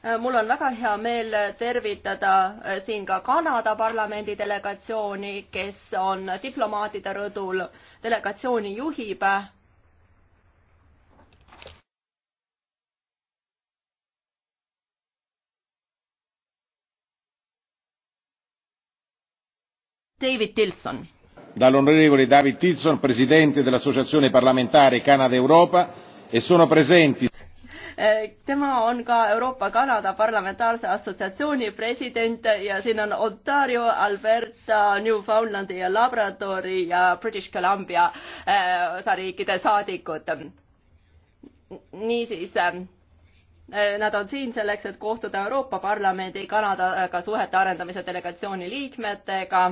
Äh, mul on väga hea meel tervitada äh, siin ka Kanada parlamendi delegatsiooni, kes on diplomaatide rõdul, delegatsiooni juhib. David Tilson. Dall'onorevole David Tilson, presidente dell'Associazione parlamentare Canada Europa e sono presenti Eh, tema on ka Euroopa-Kanada Parlamentaarse Assotsiatsiooni president ja siin on Ontario, Alberta, Newfoundlandi ja Labradori ja British Columbia eh, osariikide saadikud. niisiis eh, Nad on siin selleks, et kohtuda Euroopa Parlamendi Kanadaga suhete arendamise delegatsiooni liikmetega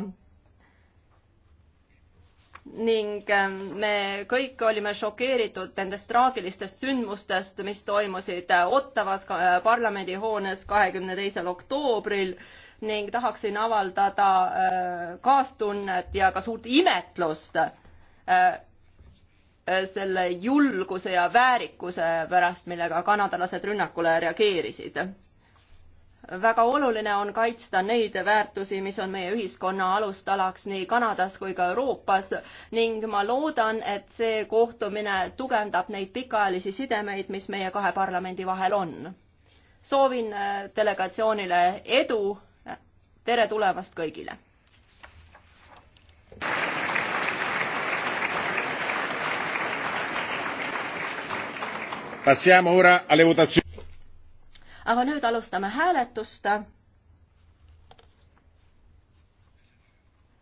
ning ähm, me kõik olime šokeeritud nendest traagilistest sündmustest, mis toimusid äh, Ottavas äh, parlamendihoones kahekümne teisel oktoobril ning tahaksin avaldada äh, kaastunnet ja ka suurt imetlust selle julguse ja väärikuse pärast, millega kanadalased rünnakule reageerisid väga oluline on kaitsta neid väärtusi, mis on meie ühiskonna alustalaks nii Kanadas kui ka Euroopas ning ma loodan, et see kohtumine tugevdab neid pikaajalisi sidemeid, mis meie kahe parlamendi vahel on. soovin äh, delegatsioonile edu. tere tulemast kõigile. Passiamo ora alle votazioni aga nüüd alustame hääletust.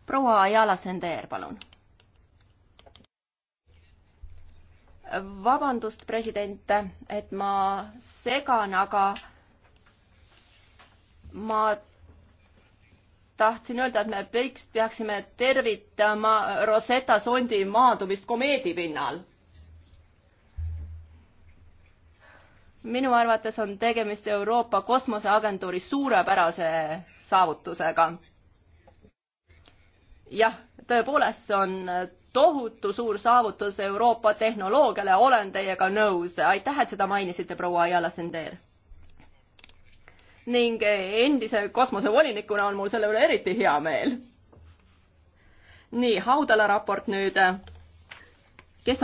proua Ayala Sender, palun. vabandust, president, et ma segan, aga ma tahtsin öelda, et me kõik peaksime tervitama Rosetta sondi maadumist komeedi pinnal minu arvates on tegemist Euroopa Kosmoseagentuuri suurepärase saavutusega. jah, tõepoolest, see on tohutu suur saavutus Euroopa tehnoloogiale, olen teiega nõus. aitäh, et seda mainisite, proua Ayala Sender. ning endise kosmosevolinikuna on mul selle üle eriti hea meel. nii, Haudala raport nüüd. kes on